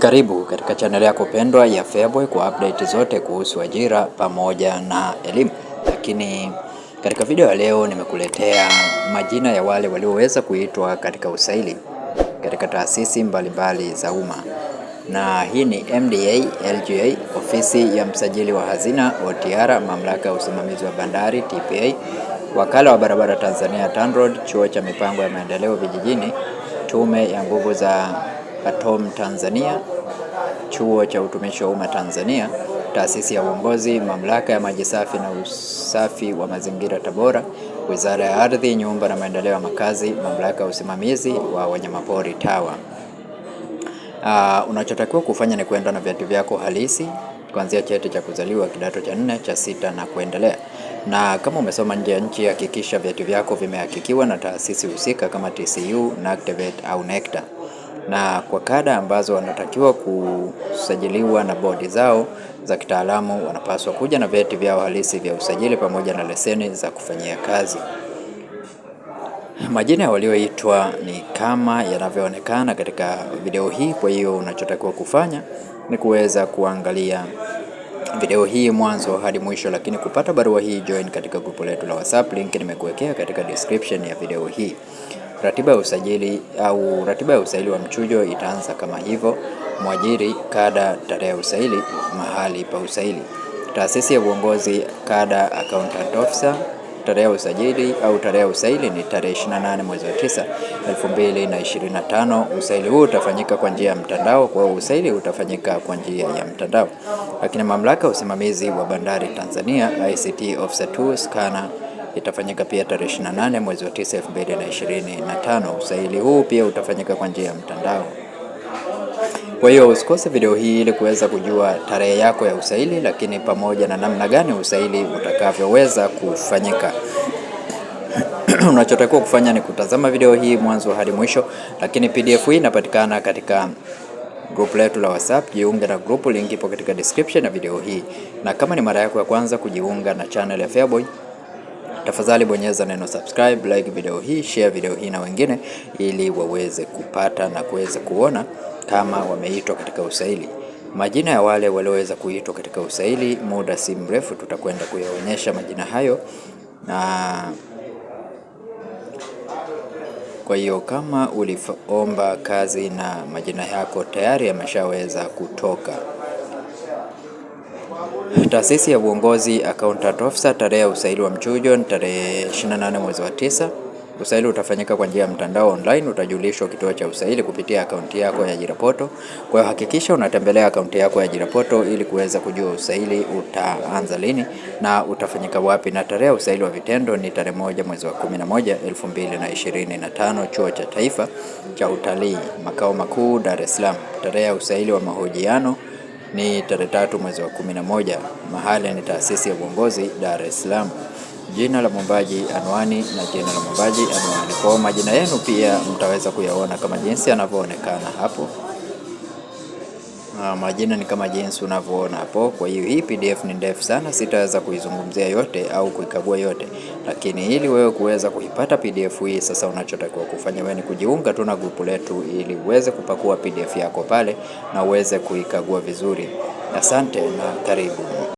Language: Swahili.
Karibu katika chaneli yako pendwa ya Feaboy kwa update zote kuhusu ajira pamoja na elimu. Lakini katika video ya leo nimekuletea majina ya wale walioweza kuitwa katika usaili katika taasisi mbalimbali za umma, na hii ni MDA LGA, ofisi ya msajili wa hazina OTR, mamlaka ya usimamizi wa bandari TPA, wakala wa barabara Tanzania TANROADS, chuo cha mipango ya maendeleo vijijini, tume ya nguvu za at Tanzania, Chuo cha Utumishi wa Umma Tanzania, Taasisi ya Uongozi, Mamlaka ya Maji Safi na Usafi wa Mazingira Tabora, Wizara ya Ardhi, Nyumba na Maendeleo ya Makazi, Mamlaka ya Usimamizi wa Wanyamapori TAWA. Uh, unachotakiwa kufanya ni kuenda na vyeti vyako halisi kuanzia cheti cha kuzaliwa kidato cha nne cha sita na kuendelea. Na kama umesoma nje ya nchi, hakikisha vyeti vyako vimehakikiwa na taasisi husika kama TCU, NACTVET au NECTA na kwa kada ambazo wanatakiwa kusajiliwa na bodi zao za kitaalamu wanapaswa kuja na vyeti vyao halisi vya usajili pamoja na leseni za kufanyia kazi. Majina walioitwa ni kama yanavyoonekana katika video hii. Kwa hiyo unachotakiwa kufanya ni kuweza kuangalia video hii mwanzo hadi mwisho, lakini kupata barua hii join katika grupu letu la WhatsApp, link nimekuwekea katika description ya video hii. Ratiba ya usajili au ratiba ya usaili wa mchujo itaanza kama hivyo: mwajiri, kada, tarehe ya usaili, mahali pa usaili, taasisi ya uongozi, kada, accountant officer, tarehe ya usajili au tarehe ya usaili ni tarehe 28 mwezi wa 9 2025. Usaili huu utafanyika kwa njia ya mtandao. Kwa hiyo usaili utafanyika kwa njia ya mtandao. Lakini mamlaka ya usimamizi wa bandari Tanzania ICT Officer 2 scanner itafanyika pia tarehe 28 mwezi wa 9 2025. Usaili huu pia utafanyika kwa njia ya mtandao. Kwa hiyo usikose video hii ili kuweza kujua tarehe yako ya usaili, lakini pamoja na namna gani usaili utakavyoweza kufanyika. Unachotakiwa kufanya ni kutazama video hii mwanzo hadi mwisho, lakini PDF hii inapatikana katika grupu letu la WhatsApp. Jiunge na grupu, link ipo katika description ya video hii. Na kama ni mara yako ya kwanza kujiunga na channel ya Feaboy Tafadhali bonyeza neno subscribe, like video hii, share video hii na wengine, ili waweze kupata na kuweza kuona kama wameitwa katika usaili. Majina ya wale walioweza kuitwa katika usaili, muda si mrefu tutakwenda kuyaonyesha majina hayo na kwa hiyo kama uliomba kazi na majina yako tayari yameshaweza kutoka Taasisi ya Uongozi Accountant Officer, tarehe ya usaili wa mchujo ni tarehe 28 mwezi wa 9. Usaili utafanyika kwa njia ya mtandao online. Utajulishwa kituo cha usaili kupitia akaunti yako ya Ajira Portal. Kwa hiyo hakikisha unatembelea akaunti yako ya Ajira Portal ili kuweza kujua usaili utaanza lini na utafanyika wapi, na tarehe ya usaili wa vitendo ni tarehe moja mwezi wa 11 2025, Chuo cha Taifa cha Utalii, makao makuu Dar es Salaam. Tarehe ya usaili wa mahojiano ni tarehe tatu mwezi wa moja. Mahali ni Taasisi ya Uongozi, Dar es Salaam. Jina la mwombaji anwani, na jina la mwombaji anwani. Kwa majina yenu pia mtaweza kuyaona kama jinsi yanavyoonekana hapo. Uh, majina ni kama jinsi unavyoona hapo. Kwa hiyo hii PDF ni ndefu sana, sitaweza kuizungumzia yote au kuikagua yote, lakini ili wewe kuweza kuipata PDF hii, sasa unachotakiwa kufanya wewe ni kujiunga tu na grupu letu ili uweze kupakua PDF yako pale na uweze kuikagua vizuri. Asante na karibu.